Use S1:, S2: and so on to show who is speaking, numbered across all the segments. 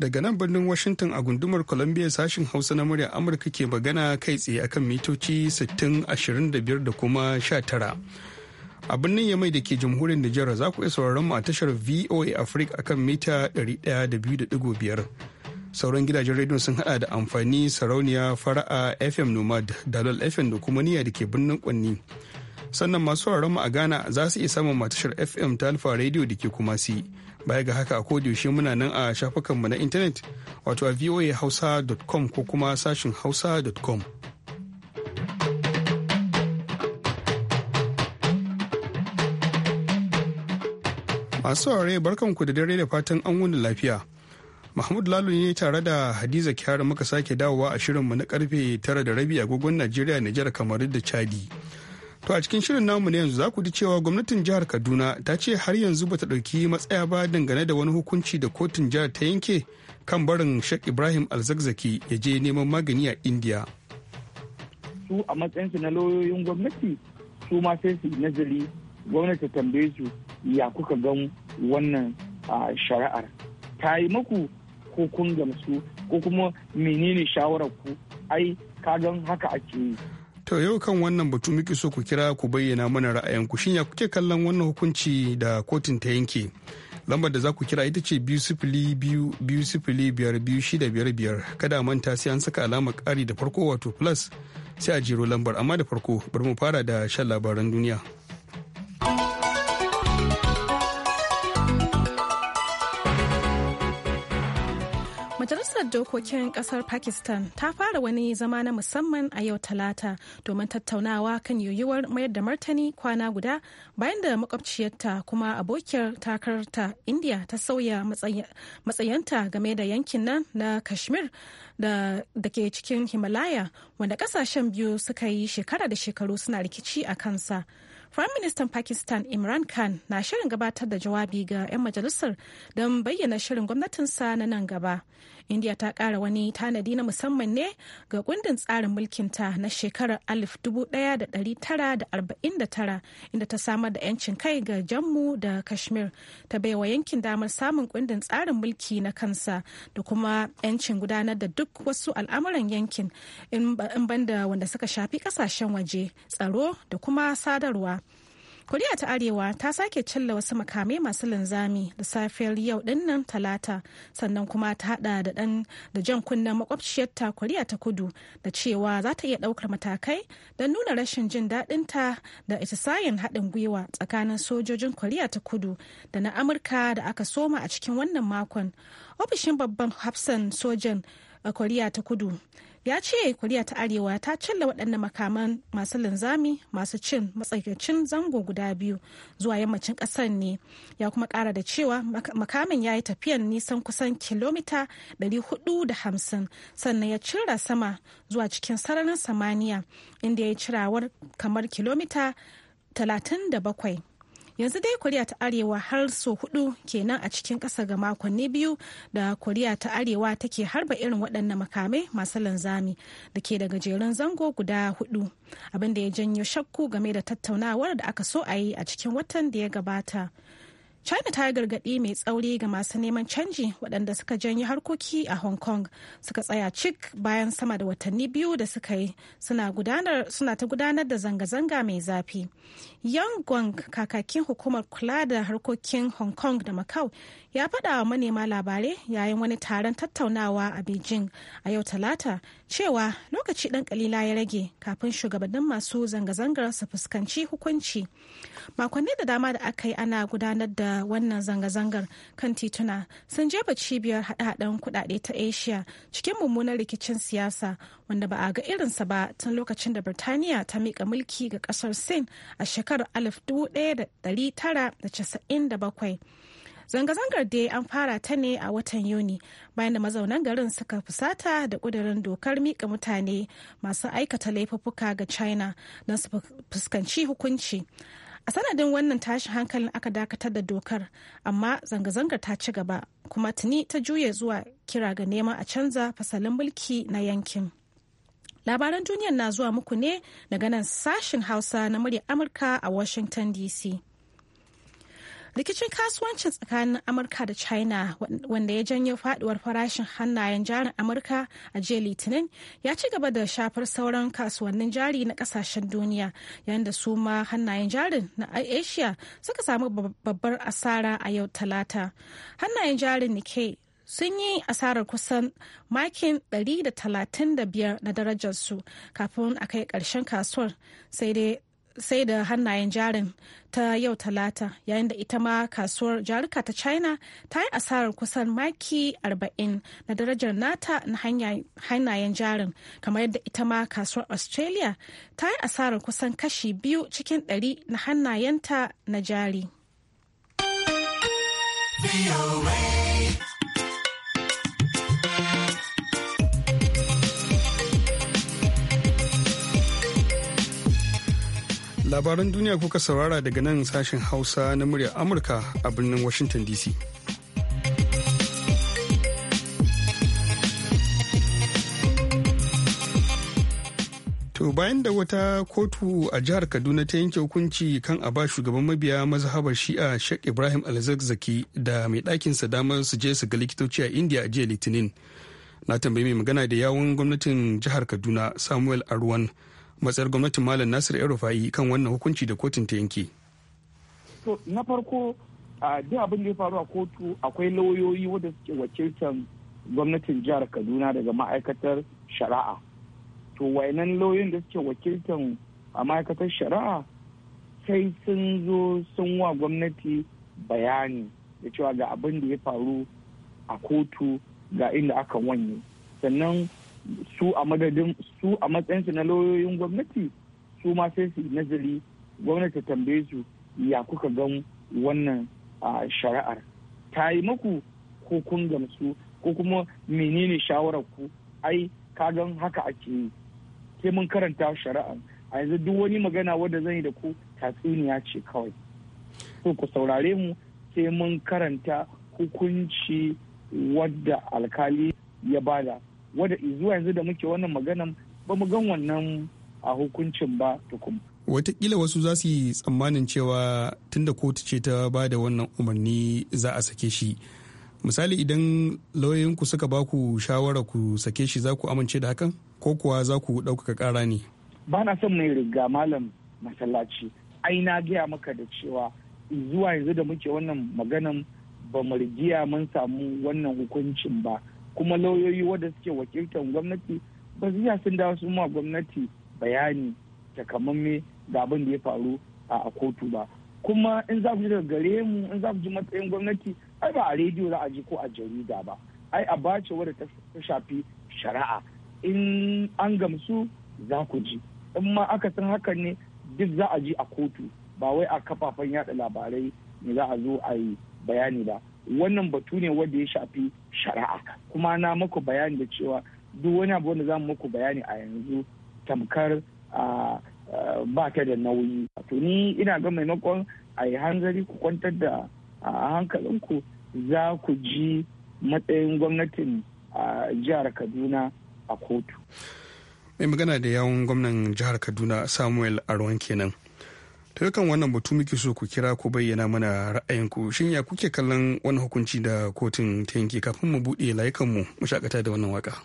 S1: daga nan birnin washington a gundumar columbia sashin hausa na muryar amurka ke magana kai tsaye akan mitoci 6025 da kuma 19 a birnin yamai da ke jamhuriyar nijar za ku iya sauraron mu a tashar voa africa akan mita 102.5 sauran gidajen rediyon sun hada da amfani sarauniya fara'a fm nomad dalol fm da kuma niya da ke birnin kwanni sannan masu sauraron mu a ghana za su iya samun matashar fm ta alfa radio da ke kumasi baya ga haka a yaushe muna nan a shafukanmu na intanet wato a voahausa.com ko kuma sashin hausa.com masu barkan barkanku da dare da fatan an wuni lafiya mahmud lalu ne tare da hadiza kyara muka sake dawowa a shirinmu na karfe tara da rabi agogon najeriya nijar kamaru da chadi To a cikin shirin namu na yanzu za ku ji cewa gwamnatin jihar Kaduna ta ce har yanzu bata ɗauki matsaya ba dangane da wani hukunci da kotun jihar ta yanke kan barin Sheikh Ibrahim Alzakzaki ya je neman magani a India.
S2: Su a matsayinsu na lauyoyin gwamnati su ma sai su nazari gwamnati tambaye su ya kuka gan wannan shari'ar. Ta yi maku ko kun gamsu ko kuma menene shawarar ku ai ka gan haka ake yi.
S1: To yau kan wannan batu muke so ku kira ku bayyana mana ku shin ya kuke kallon wannan hukunci da kotun ta yanke. Lambar da za ku kira ita ce biyu sifili biyu biyu sifili biyar biyu shida biyar biyar kada manta sai an saka alamar ƙari da farko wato plus sai a jero lambar amma da farko bari mu fara da shan labaran duniya.
S3: Majalisar Dokokin Kasar Pakistan ta fara wani zama na musamman a yau Talata domin tattaunawa kan yiwuwar mayar da martani kwana guda bayan da makwabciyarta kuma abokiyar takarta India ta sauya matsayanta game da yankin nan na Kashmir da, da ke cikin Himalaya wanda kasashen biyu suka yi shekara da shekaru suna rikici a kansa. Prime Minister Pakistan Imran Khan na shirin gabatar da jawabi ga 'yan majalisar don bayyana shirin gwamnatinsa na nan gaba india ta kara wani tanadi na musamman ne ga kundin tsarin mulkinta na shekarar 1949 inda ta samar da 'yancin kai ga jammu da kashmir ta baiwa yankin damar samun kundin tsarin mulki na kansa da kuma 'yancin gudanar da duk wasu al'amuran yankin in banda wanda suka shafi kasashen waje tsaro da kuma sadarwa koriya ta arewa ta sake cilla wasu makamai masu linzami da safiyar yau dinnan talata sannan kuma ta hada da dan da jan kunnen makwabciyarta koriya ta kudu da cewa za ta iya daukar matakai don nuna rashin jin daɗinta da itisayen haɗin gwiwa tsakanin sojojin koriya ta kudu da na amurka da aka soma a cikin wannan makon ofishin babban hafsan sojan a eh, koriya ta kudu ya ce koriya ta arewa ta cilla waɗannan makaman masu linzami masu cin matsakaicin zango guda biyu zuwa yammacin ƙasar ne ya kuma ƙara da cewa makamin ya yi tafiyan nisan kusan kilomita 450 sannan ya cira sama zuwa cikin sararin samaniya inda ya yi cirawar kamar kilomita 37 yanzu dai koriya ta arewa har so hudu kenan a cikin ƙasa ga makonni biyu da koriya ta arewa take harba irin waɗannan makamai masu lanzami da ke da jerin zango guda hudu abin da ya janyo shakku game da tattaunawar da aka so a yi a cikin watan da ya gabata china ta gargaɗi mai tsauri ga masu neman canji waɗanda suka janyi harkoki a hong kong suka tsaya cik bayan sama da watanni biyu da suka yi suna ta gudanar da zanga-zanga mai zafi yang gwang kakakin hukumar kula da harkokin hong kong da macau ya faɗa wa manema labarai yayin wani taron tattaunawa a beijing a yau talata cewa lokaci ɗan kalila ya rage kafin shugabannin masu zanga-zangar su fuskanci hukunci makonni da dama da aka yi ana gudanar da wannan zanga-zangar kan tituna sun jefa cibiyar haɗe-haɗen kuɗaɗe ta asia cikin mummunan rikicin siyasa wanda ba a ga irinsa ba tun lokacin da birtaniya ta miƙa mulki ga ƙasar sin a shekarar 1997 Zanga-zangar dai an fara ta ne a watan Yuni bayan da mazaunan garin suka fusata da ƙudurin dokar miƙa mutane masu aikata laifuffuka ga China don su fuskanci hukunci. A sanadin wannan tashin hankalin aka dakatar da dokar, amma zanga-zangar ta ci gaba kuma tuni ta juya zuwa kira ga neman a canza fasalin mulki na yankin. Labaran duniyar na zuwa muku ne daga nan sashin Hausa na murya Amurka a Washington DC. rikicin kasuwancin tsakanin amurka da china wanda ya janyo faduwar farashin hannayen jarin amurka a jiya litinin ya ci gaba da shafar sauran kasuwannin jari na kasashen duniya yayin da su ma hannayen jarin na asia suka samu babbar asara a yau talata hannayen jarin nike sun yi asarar kusan makin 135 na darajarsu kafin a kai ƙarshen kasuwar sai dai sai da hannayen jarin ta yau talata yayin da ita ma kasuwar jaruka ta china ta yi asarar kusan maki 40 na darajar nata na hannayen jarin kamar yadda ita ma kasuwar australia ta yi asarar kusan kashi biyu cikin 100 na hannayenta na jari.
S1: labaran duniya kuka saurara daga nan sashen hausa na muryar amurka a birnin washington dc To bayan da wata kotu a jihar Kaduna ta yanke hukunci kan a ba shugaban mabiya mazhabar Shi'a Sheikh Ibrahim Alzakzaki da mai ɗakinsa damar su je su ga likitoci a India a jiya Litinin. Na tambayi mai magana da yawun gwamnatin jihar Kaduna Samuel Arwan matsayar gwamnatin malam nasir erufayi kan wannan hukunci da kotun ta yanke
S2: to na farko duk abin da ya faru a kotu akwai lauyoyi wadda suke wakiltar gwamnatin jihar kaduna daga ma'aikatar shari'a to wainan lauyoyin da suke wakiltar a ma'aikatar shari'a sai sun zo sun wa gwamnati bayani da cewa ga abin da ya faru a kotu ga inda aka wanye sannan su a madadin su a matsayinsu na lauyoyin gwamnati su ma sai su nazari gwamnati tambaye su ya kuka gan wannan shari'ar ta yi maku ko kun gamsu ko kuma menene shawarar ku ai ka gan haka ake yi sai mun karanta shari'ar a yanzu duk wani magana wanda zan yi da ku tatsuniya ce kawai so ku saurare mu sai mun karanta hukunci wadda alkali ya bada wadda zuwa yanzu da muke wannan maganan ba mu gan wannan a hukuncin ba kuma.
S1: Watakila wasu za su yi tsammanin cewa tunda kotu ce ta ba da wannan umarni za a sake shi. Misali idan lauyoyinku suka ba ku shawara ku sake shi za ku amince da hakan? Ko kuwa za ku ɗaukaka ƙara ne?
S2: Ba na son mai riga malam masallaci. Ai na gaya maka da cewa zuwa yanzu da muke wannan maganan ba mu rigiya mun samu wannan hukuncin ba. kuma lauyoyi wadda suke wakiltar gwamnati ba su sun dawo su ma gwamnati bayani takamamme ga abin da ya faru a kotu ba kuma in za ku ji daga gare mu in za ku ji matsayin gwamnati ai ba a rediyo za a ji ko a jarida ba ai a bace wadda ta shafi shari'a in an gamsu za ku ji in ma aka san hakan ne duk za a ji a kotu ba wai a kafafen yada labarai ne za a zo a yi bayani ba wannan batu ne wanda ya shafi shari'a kuma na muku bayani da cewa duk wani abu wanda za mu muku bayani a yanzu tamkar ba ta da nauyi to ni ina ga maimakon a yi hanzari ku kwantar da hankalinku za ku ji matsayin gwamnatin jihar kaduna
S1: a kotu mai magana da yawun gwamnan jihar kaduna samuel arwan kenan to kan wannan batu muke so ku kira ko bayyana mana ra'ayinku shin ya kuke kallon wani hukunci da kotun ta yanke kafin mu buɗe layukanmu mu shakata da wannan waka.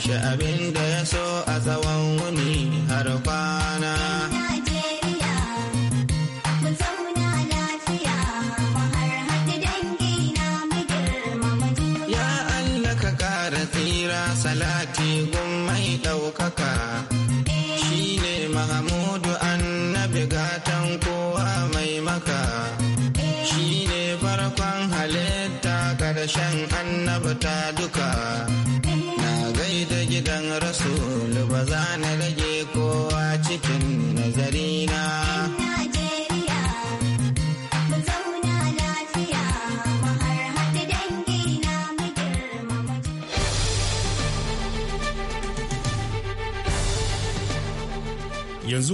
S4: shi abin da ya so a tsawon wuni har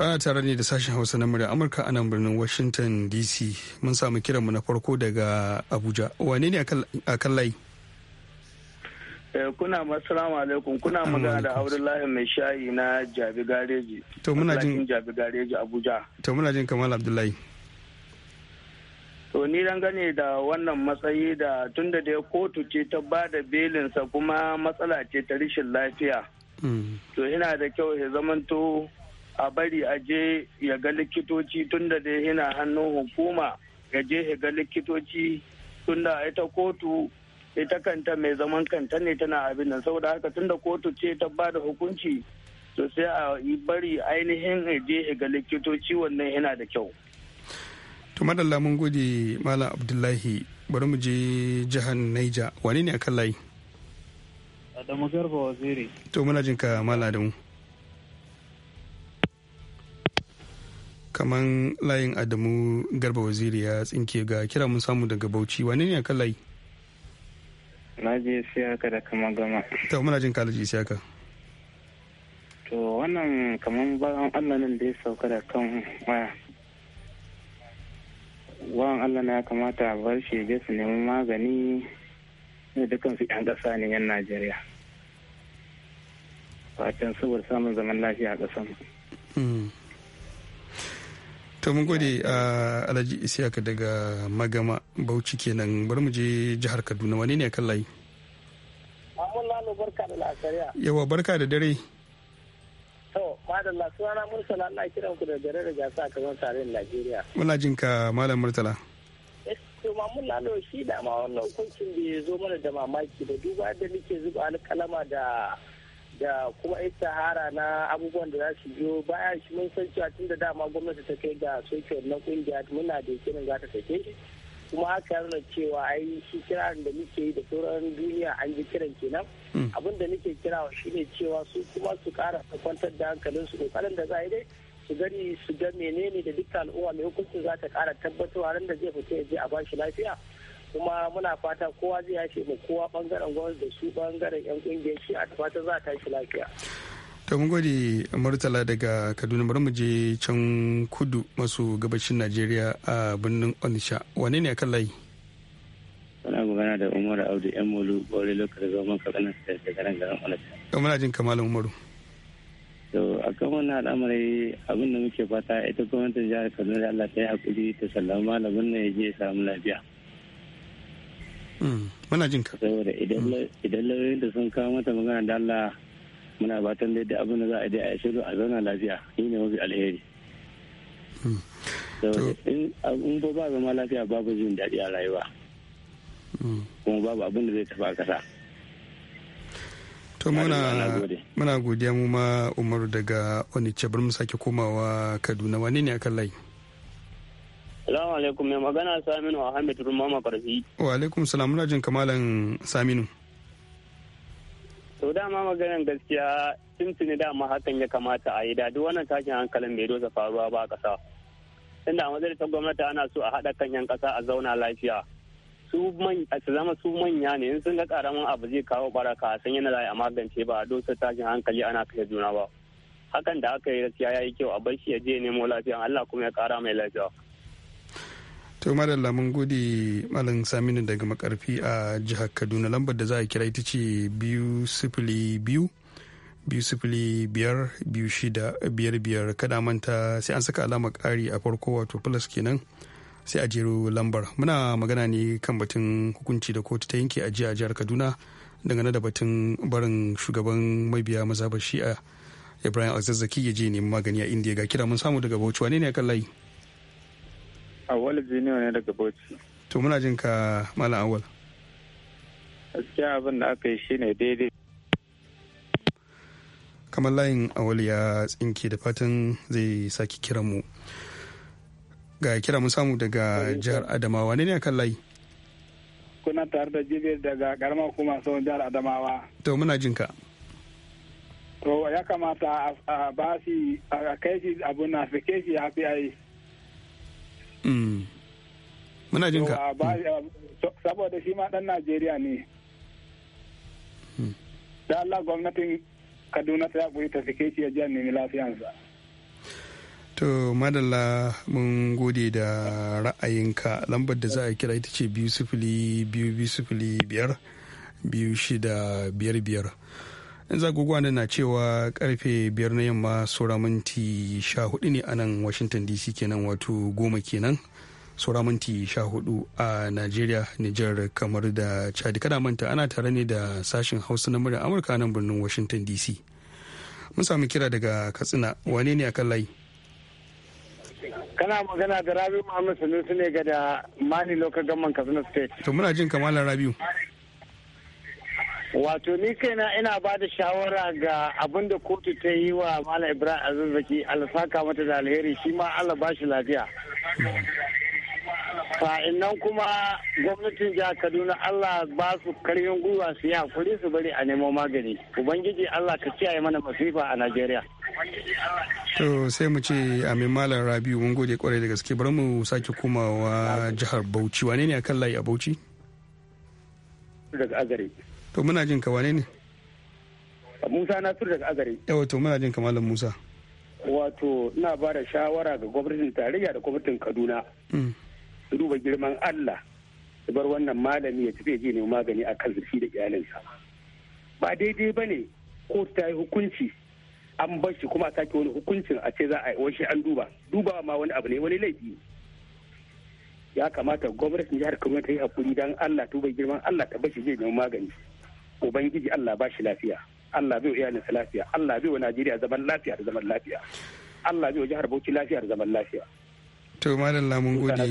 S1: Ana tare ne da sashen Hausa na murya Amurka a nan birnin Washington DC. Mun samu kiranmu na farko daga Abuja. Wane ne a kan layi?
S2: Eh, kuna masalamu alaikum kuna magana da Abdullahi mai shayi na Jabi Gareji. To muna jin Jabi Gareji Abuja.
S1: To muna jin Kamal Abdullahi.
S2: To ni dangane da wannan matsayi da tunda da kotu ce ta ba da belinsa kuma matsala ce ta rashin lafiya. Hmm. To ina da kyau ya zamanto a bari a je ya ga likitoci tunda da yana hannun hukuma ya je ya ga likitoci tunda ita kotu ita kanta mai zaman kanta ne tana abin nan saboda haka tunda kotu ce ta ba da hukunci to sai a yi bari ainihin ya je ya ga likitoci wannan yana da kyau.
S1: to madalla mun gode malam abdullahi bari mu je jihar naija wani ne akan layi.
S2: adamu garba waziri
S1: to muna jinka malam adamu. kaman layin adamu garba waziri ya tsinke ga kira mun samu daga bauchi wani ne akan layi
S2: na je siyaka da kama gama
S1: ta muna jin kalaji siyaka
S2: to wannan kaman bayan allah nan da ya sauka da kan waya wawan allah na ya kamata a bar shi je su nemi magani ne dukkan su yan ƙasa ne yan najeriya fatan saboda samun zaman lafiya a ƙasan
S1: to mun gode a alhaji isiyaka daga magama bauchi kenan bari mu je jihar kaduna wani ne kan layi yawa barka da dare
S2: to madalla sunana murtala Allah kiran ku da dare da gasa kamar tarihin Najeriya
S1: muna jin ka malam murtala
S2: eh, to mamun lalo shi da ma wannan hukuncin bai zo mana da mamaki da duba da muke zuba alkalama da da kuma ita sahara na abubuwan da za su biyo bayan shi mun san cewa tun da dama gwamnati ta kai ga soke na kungiya muna da kirin za ta sake shi kuma haka yana cewa ai shi kiran da muke yi da sauran duniya an ji kiran kenan hmm. abin da nake kirawa shine cewa su kuma su kara kwantar da hankalin su kokarin da za a yi dai su gani su ga menene da dukkan al'umma mai hukuncin za ta kara tabbatarwa ran da zai fita ya je a bashi lafiya kuma muna fata kowa zai yashe mu kowa bangaren gwamnati da su bangaren yan kungiyar shi a fata za ta shi
S1: lafiya ta mun gode murtala daga kaduna bari mu je can kudu masu gabashin najeriya a birnin onisha wane ne akan layi
S2: Muna magana da Umaru Audu ‘yan mulu ɓaure lokacin zaman kakanan da nan garin Onisha.
S1: Yau muna jin kamalin Umaru.
S2: To a kan wannan al'amari abin da muke fata ita gwamnatin jihar Kaduna da Allah ta yi hakuri ta sallama malamin nan ya je ya samu lafiya.
S1: muna jin ka
S2: saboda mm. idan lauyoyin da sun kawo mata magana da Allah muna batan da abin da za a je a shiru a zauna lafiya shi ne mafi alheri mm. in ko ba zama lafiya babu jin daɗi a rayuwa mm. kuma babu abin da zai tafi a ƙasa
S1: to muna godiya mu ma umaru daga onitsha bari mu sake komawa kaduna wane ne akan layi
S2: Salamu alaikum mai magana Saminu Ahmed Rumma Makarfi.
S1: Wa alaikum salam muna jin kamalan Saminu.
S2: To dama maganan gaskiya tuni dama hakan ya kamata a yi dadi duk wannan tashin hankalin bai dosa faruwa ba a ƙasa. Tunda a ta gwamnati ana so a haɗa kan 'yan ƙasa a zauna lafiya. Su zama su manya ne in sun ga karamin abu zai kawo baraka a san yana a magance ba a dosa tashin hankali ana kashe juna ba. Hakan da aka yi gaskiya ya yi kyau a bar shi ya je nemo lafiya Allah kuma ya kara mai lafiya.
S1: to da lamun gode malam saminu daga makarfi a jihar kaduna lambar da za a kira ita ce biyu sifili biyu biyu sifili biyar biyu shida biyar biyar kada manta sai an saka alama ƙari a farko wato plus kenan sai a jero lambar muna magana ne kan batun hukunci da kotu ta yanke a jiya a jihar kaduna dangane da batun barin shugaban mabiya mazhabar shi'a ibrahim azazzaki ya je neman magani a indiya ga kira mun samu daga bauchi wane ne kan layi
S2: awal junior ne daga bauchi
S1: to muna jin ka malam awal
S2: gaskiya abin da aka yi shine daidai
S1: kamar layin awal ya tsinke da fatan zai sake kiran mu ga kira mun samu daga jihar adamawa ne ne akan layi
S2: kuna tare da jibir daga karamar kuma sau jihar adamawa
S1: to muna jin ka
S2: to ya kamata a ba shi a kai shi abu na kai shi ya fi ai
S1: muna jin ka
S2: hmm. saboda shi ma dan najeriya ne hmm. da allah gwamnatin kaduna ta yaƙuri ta sake shi ya ji nemi lafiyansa
S1: to madalla mun gode da ra'ayinka lambar da za a kira ita ce biyu sifili biyu biyu sifili biyar biyu shida biyar biyar yan zaguguwa na cewa karfe biyar na yamma saura minti sha hudu ne a nan washington dc kenan wato goma kenan saura minti sha hudu a nigeria niger kamar da chad kada manta ana tare ne da sashen hausa na murya amurka nan birnin washington dc mun sami kira daga katsina wane ne akan layi
S2: kana magana da rabiu muhammad sanusi ne ga da mani lokacin gaman katsina state to muna jin kamalan rabiu Wato ni kaina ina ba da shawara ga abin da kotu ta yi wa Malam Ibrahim azuzaki alfaka mata da alheri shi ma Allah ba shi lafiya. nan kuma gwamnatin jihar Kaduna Allah ba su karfin gwiwa su yi hakuri su bari a nemo magani. Ubangiji Allah ka kiyaye mana masifa a Najeriya.
S1: To sai mu ce Amin Malam rabi mun gode kwarai da gaske bari mu sake komawa jihar Bauchi wane ne akan layi a Bauchi? Daga to muna jin ka wane ne
S2: musa na tur daga azare
S1: yawa to muna jin ka malam musa
S2: wato ina ba da shawara ga gwamnatin tarayya da gwamnatin kaduna mm. su duba girman allah su bar wannan malami ya tafi je ne magani a kan zurfi da iyalinsa ba daidai ba ne ko ta yi hukunci an bar shi kuma a sake wani hukuncin a ce za a washe an duba dubawa ma wani abu ne wani laifi ya kamata gwamnatin jihar kaduna ta yi hakuri don allah tuba girman allah ta bashi zai neman magani ubangiji Allah ba shi lafiya Allah bai wa iyalinsa lafiya Allah bai wa Najeriya zaman lafiya da zaman lafiya Allah bai wa jihar Bauchi lafiya da zaman lafiya
S1: to malam lamun gode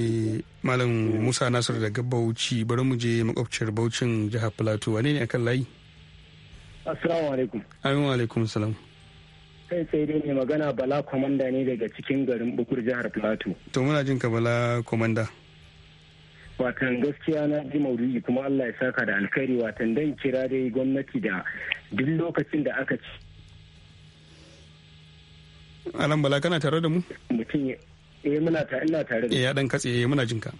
S1: malam Musa Nasir daga Bauchi bari mu je makwabciyar Bauchin jihar Plateau wane ne akan layi
S2: Assalamu alaikum
S1: Amin wa alaikum salam
S2: kai sai dai ne magana Bala komanda ne daga cikin garin Bukur jihar Plateau
S1: to muna jin ka Bala komanda
S2: watan gaskiya na ji maulidi kuma Allah ya saka da alkhairi watan dan kira dai gwamnati da duk lokacin da aka ci
S1: Alan Bala kana tare da mu? Mutum yi
S2: eh, muna tare da. mu eh, ya
S1: dan katse eh, muna jinka.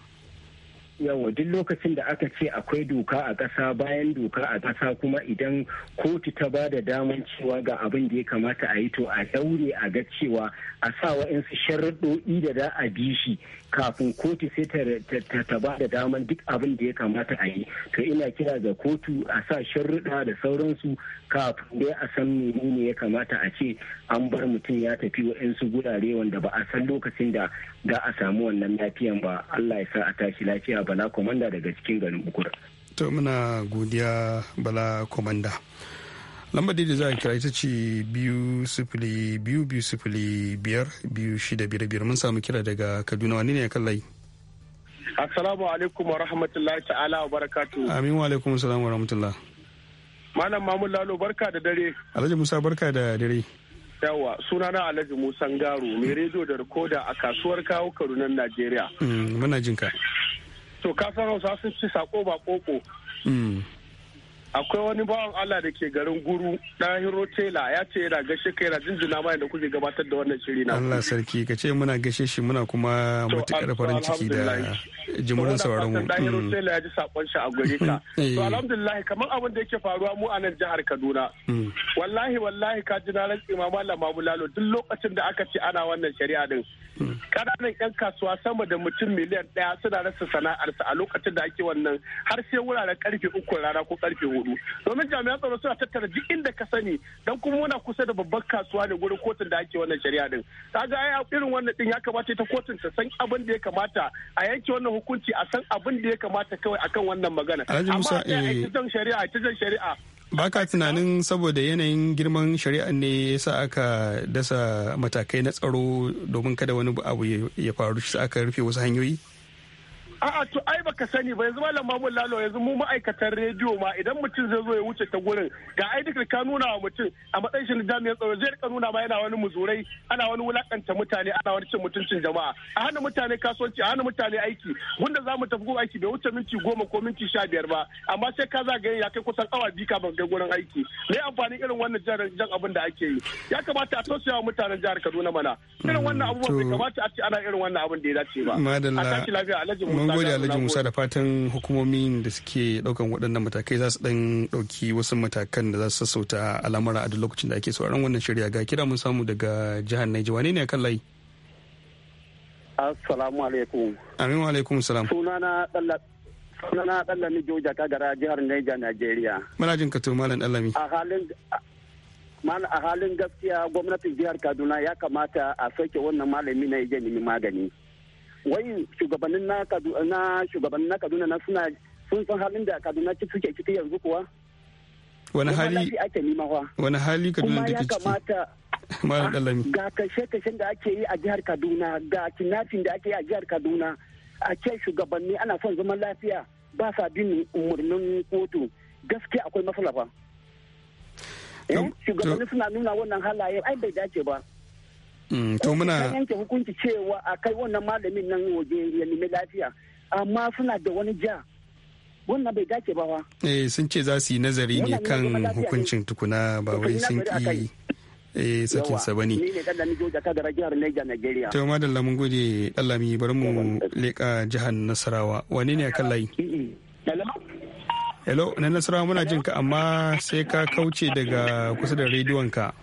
S2: yawa duk lokacin da aka ce akwai doka a ƙasa bayan doka a ƙasa kuma idan kotu ta ba da daman cewa ga abin da ya kamata a yi to a daure a ga cewa a sa wa'insu sharaɗo'i da za a bi shi kafin kotu sai ta ba da daman duk abin da ya kamata a yi to ina kira ga kotu a sa sharaɗa da sauransu kafin dai a san menene ya kamata a ce an bar mutum ya tafi wa'insu gurare wanda ba a san lokacin da za a samu wannan lafiyan ba Allah ya sa a tashi lafiya bala komanda daga cikin garin bukura
S1: to muna godiya bala komanda lambar da za a kira ita ce biyu sifili biyu biyu sifili biyar biyu shida biyar biyar mun samu kira daga kaduna wani ne kan layi
S2: assalamu alaikum wa rahmatullahi ta'ala wa barakatu
S1: amin wa alaikum salam wa rahmatullah
S2: malam mamun lalo barka da dare
S1: alhaji musa barka da dare
S2: yawa sunana alhaji musa ngaro mai rediyo da rikoda a kasuwar kawo kaduna najeriya
S1: mm, muna jinka ka
S2: to kafin hausa sun ci sako ba koko akwai wani bawan Allah da ke garin guru ɗahiro tela ya ce yana gashe kai yana jinjina ma da kuke gabatar da wannan shiri na Allah
S1: sarki ka ce muna gashe shi muna kuma matukar farin ciki da jimurin sauraron mu ɗahiro mm.
S2: tela ya ji sakon shi a gare ka eh. to alhamdulillah kamar abin da yake faruwa mu a nan jihar Kaduna mm. wallahi wallahi ka ji na rantsi ma mallam Mamu Lalo duk lokacin da aka ce ana wannan shari'a din kananan mm. yan kasuwa sama da mutum miliyan ɗaya suna rasa sana'arsa a lokacin da ake wannan har sai wuraren karfe uku rana ko karfe hudu hudu domin jami'an tsaro suna tattara duk inda ka sani dan kuma muna kusa da babbar kasuwa ne gurin kotun da ake wannan shari'a din kaga ai irin wannan din ya kamata ta kotun ta san abin da ya kamata a yanke wannan hukunci a san abin da ya kamata kawai akan wannan magana amma ai ta eh, shari'a ta shari'a
S1: baka tunanin saboda yanayin girman shari'a ne yasa aka dasa matakai na tsaro domin kada wani abu ya faru sai aka rufe wasu hanyoyi
S2: A'a to ai baka sani ba yanzu malam Mamun Lalo yanzu mu ma'aikatan rediyo ma idan mutum zai zo ya wuce ta gurin ga ai duka ka nuna wa mutum a matsayin shi jami'an tsaro zai rika nuna ma yana wani muzurai ana wani wulakanta mutane ana wani cin mutuncin jama'a a hana mutane kasuwanci a hana mutane aiki gunda za mu tafi ko aiki bai wuce minti goma ko minti sha biyar ba amma sai ka zagaye ya kai kusan awa biyu kafin kai gurin aiki me amfani irin wannan jihar jan abin da ake yi ya kamata a tausaya wa mutanen jihar Kaduna mana irin wannan mm, abubuwan bai kamata a ce ana irin wannan abin da ya dace ba a tashi lafiya alhaji gode alhaji
S1: musa da fatan hukumomin da suke daukan waɗannan matakai za su dan dauki wasu matakan da za su sassauta al'amura a duk lokacin da ake sauran wannan shirya ga kira mun samu daga jihar Naija wane ne kan layi
S2: assalamu alaikum
S1: amin wa alaikum salam
S2: sunana dalla sunana dalla ni joja kagara jihar Naija Nigeria
S1: mana jin ka to malam dallami a
S2: halin mal a halin gaskiya gwamnatin jihar Kaduna ya kamata a sauke wannan malami na yaje ni magani wai shugabannin na kaduna shugabannin na kaduna na suna sun san halin da kaduna ciki suke ciki yanzu kuwa
S1: wani hali
S2: ake nima wa
S1: wani hali kaduna take ciki malam dalami ga
S2: kashe kashen da ake yi a jihar kaduna ga kidnapping da ake yi a jihar kaduna a ce shugabanni ana son zaman lafiya ba sa bin umarnin kotu gaskiya akwai matsala ba eh, shugabanni suna nuna wannan halaye ai bai dace ba
S5: Mm, to muna yanke
S2: hukunci cewa a kai wannan malamin nan waje ya nemi lafiya amma suna da wani ja wannan bai dace ba wa
S1: eh sun ce za su yi nazari ne kan hukuncin tukuna ba wai sun ki eh sakin sa bane to madalla mun gode dallami bari mu leka jihar Nasarawa wane ne akan layi hello na Nasarawa muna jin ka amma sai ka kauce daga kusa da rediyon ka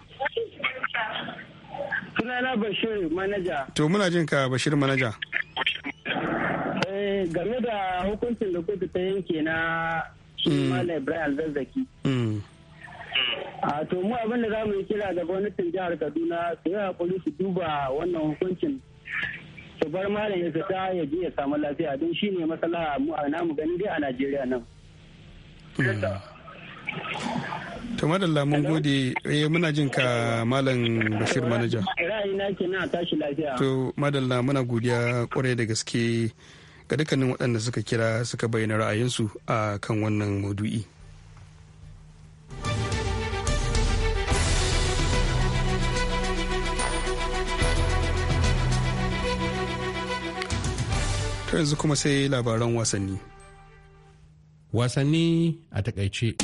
S2: Bashir manaja.
S1: To muna jin ka Bashir manaja.
S2: Eh, game da hukuncin da kotu ta yanke na hmm. Malam Ibrahim Zazzaki. Hmm. A ah, to mu abin da za mu yi kira da gwamnatin jihar Kaduna su yi hakuri su duba wannan hukuncin su bar malam ya fita ya je ya samu lafiya don shi ne masala mu a namu gani dai a Najeriya nan.
S1: Hmm. to madalla mun gode eh muna jin ka malam bashir manaja
S2: ra'ayina kenan tashi lafiya to
S1: madalla muna godiya kwarai da gaske ga dukkanin waɗanda suka kira suka bayyana ra'ayinsu a kan wannan maudu'i ta yanzu kuma sai labaran wasanni wasanni a takaice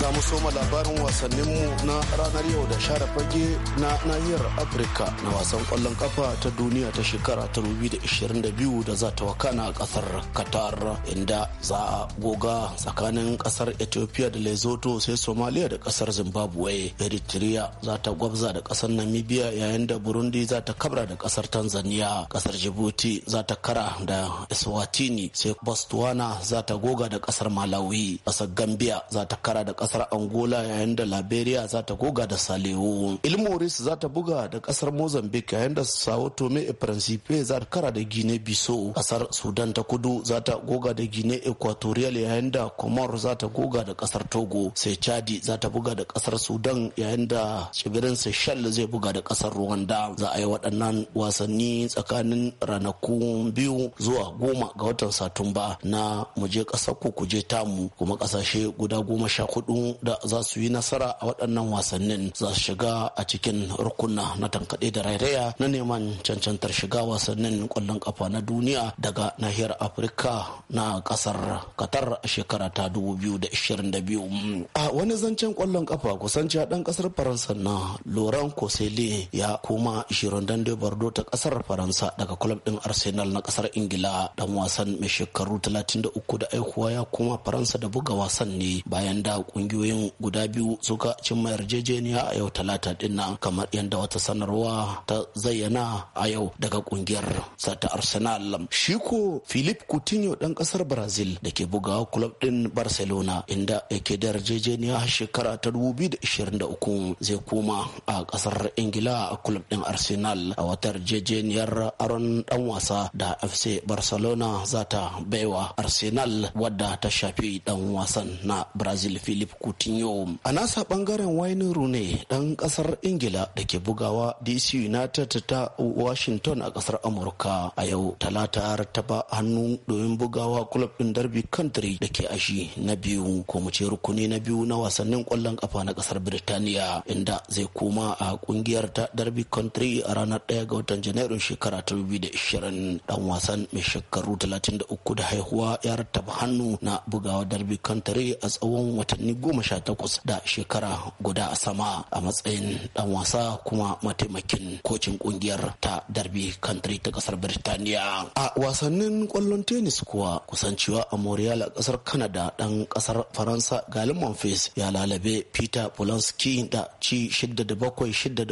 S6: so mu soma labarin wasanninmu na ranar yau da share fage na nahiyar Afirka na wasan kwallon kafa ta duniya ta shekara ta 2022 da za ta wakana a kasar Qatar inda za a goga tsakanin kasar Ethiopia da Lesotho sai Somalia da kasar Zimbabwe. Eritrea za ta gwabza da kasar Namibia yayin da Burundi za ta kabra da kasar Tanzania. Kasar jibuti za ta kara da Eswatini sai Botswana za ta goga da kasar Malawi. Kasar Gambia za ta kara da kasar angola yayin da liberia za ta goga da salewo ilmoris za ta buga da kasar mozambique yayin da sao tome e principe za ta kara da gine biso kasar sudan ta kudu za ta goga da gine equatorial yayin da comor za ta goga da kasar togo sai chadi za ta buga da kasar sudan yayin da tsibirin seychelles zai buga da kasar rwanda za a yi waɗannan wasanni tsakanin ranakun biyu zuwa goma ga watan satumba na muje ƙasar ku kuje tamu kuma ƙasashe guda goma sha hudu da za su yi nasara a waɗannan wasannin za su shiga a cikin rukunna na tankaɗe da rairaya na neman cancantar shiga wasannin ƙwallon ƙafa na duniya daga nahiyar afirka na ƙasar qatar a shekara ta 2022 a wani zancen ƙwallon ƙafa kusanci a ɗan ƙasar faransa na laurent kosele ya koma shirin de bordeaux ta ƙasar faransa daga club ɗin arsenal na ƙasar ingila dan wasan mai shekaru 33 da aikuwa ya koma faransa da buga wasan ne bayan da ƙungiyoyi kungiyoyin guda biyu suka cimma yarjejeniya a yau talata din nan kamar yadda wata sanarwa ta zayyana a yau daga kungiyar sata arsenal shi ko philip coutinho dan kasar brazil da ke bugawa club din barcelona inda yake da yarjejeniya shekara ta 2023 zai koma a kasar ingila a club din arsenal a wata yarjejeniyar aron dan wasa da fc barcelona zata baiwa arsenal wadda ta shafi dan wasan na brazil philip coutinho Coutinho. A nasa bangaren Wayne Rooney dan kasar Ingila da ke bugawa DC United ta Washington a kasar Amurka a yau talata taba hannu domin bugawa club din Derby Country da ke ashi na biyu ko mu ce rukuni na biyu na wasannin kwallon kafa na kasar Birtaniya inda zai koma a kungiyar ta Derby Country a ranar 1 ga watan Janairun shekara ta 2020 dan wasan mai shekaru 33 da haihuwa ya rattaba hannu na bugawa Derby Country a tsawon watanni goma 2018 da shekara guda sama a matsayin dan wasa kuma mataimakin kocin kungiyar ta darbi country ta kasar birtaniya a wasannin kwallon tennis kuwa kusancewa a montreal a kasar canada dan kasar faransa galin monfils ya lalabe peter polanski da ci 6 7 bakwai shidda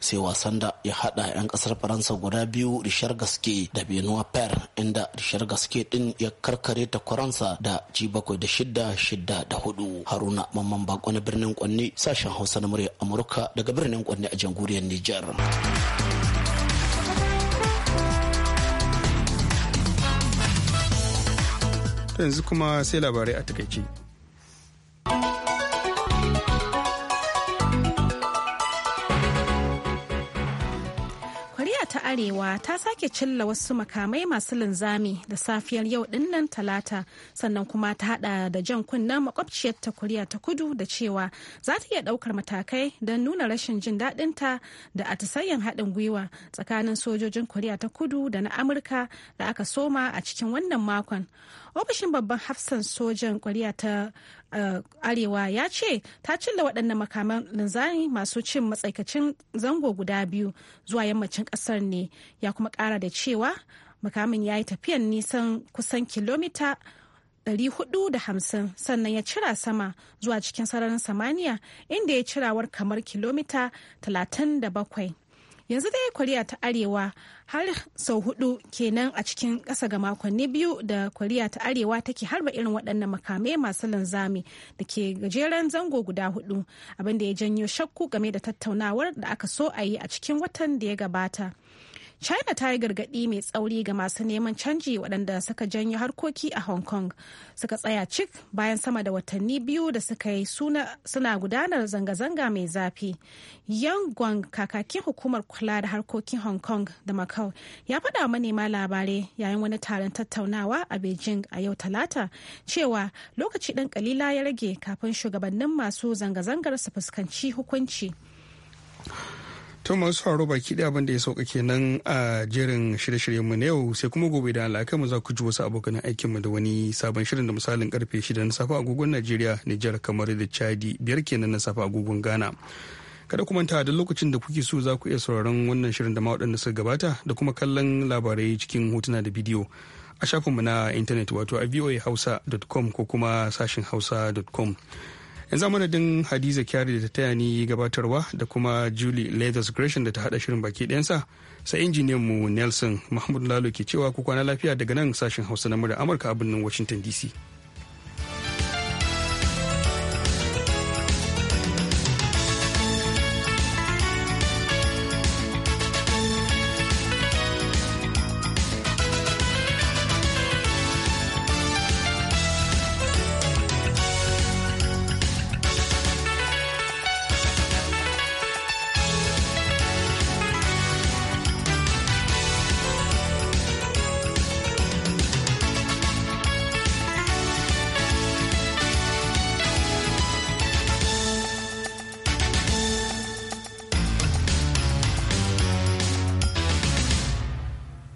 S6: sai wasan da ya hada 'yan kasar faransa guda biyu rishar gaske da benoit per inda rishar gaske din ya karkare ta kwaransa da ci bakwai da shidda shidda da hudu haruna mamman bako na birnin kwanne sashen hausa na murya amurka daga birnin kwanne a jamhuriyar nijar yanzu kuma sai
S1: labarai a takaice
S3: Koriya ta Arewa ta sake cilla wasu makamai masu linzami da safiyar yau dinnan talata sannan kuma ta hada da jan kunnen makwabciyar ta Koriya ta kudu da cewa za ta iya daukar matakai don nuna rashin jin daɗinta da atisayen haɗin gwiwa tsakanin sojojin Koriya ta kudu da na Amurka da aka soma a cikin wannan makon. Ofishin babban hafsan sojan Koriya ta Eh, arewa ya ce ta cilla waɗannan makaman linzami masu cin matsaikacin zango guda biyu zuwa yammacin ƙasar ne ya kuma ƙara da cewa makamin ya yi tafiyan nisan kusan kilomita 450 sannan ya cira sama zuwa cikin sararin samaniya inda ya cirawar kamar kilomita 37 yanzu dai koriya ta arewa har sau hudu kenan a cikin ƙasa ga makonni biyu da koriya ta arewa take harba irin waɗannan makamai masu linzami da ke gajeren zango guda hudu abinda ya janyo shakku game da tattaunawar da aka so a yi a cikin watan da ya gabata china ta yi gargaɗi mai tsauri ga masu neman canji waɗanda suka janyo harkoki a hong kong suka tsaya cik bayan sama da watanni biyu da suka yi suna gudanar zanga-zanga mai zafi yang guang kakakin hukumar kula da harkokin hong kong da macau ya faɗa manema labarai yayin wani taron tattaunawa a beijing a yau talata cewa lokaci ɗan kalila ya rage kafin shugabannin masu zanga-zangar su fuskanci hukunci
S1: Thomas Haro baki da abin da ya sauka kenan a jerin shirye-shiryenmu na yau sai kuma gobe da Allah mu za ku ji wasu abokan aikinmu da wani sabon shirin da misalin karfe 6 na safa agogon Najeriya, Nijar kamar da Chadi biyar kenan na safa agogon Ghana. Kada ku manta da lokacin da kuke so za ku iya sauraron wannan shirin da ma waɗanda suka gabata da kuma kallon labarai cikin hotuna da bidiyo a shafinmu na intanet wato a voahausa.com ko kuma sashin hausa.com. yanzu madadin hadiza kyari da ta taya ni gabatarwa da kuma julie leathers gresham da ta hada shirin baki ɗayansa sai injiniyan mu nelson mahmud lalo ke cewa ku kwana lafiya daga nan sashen hausa na murya amurka a birnin washington dc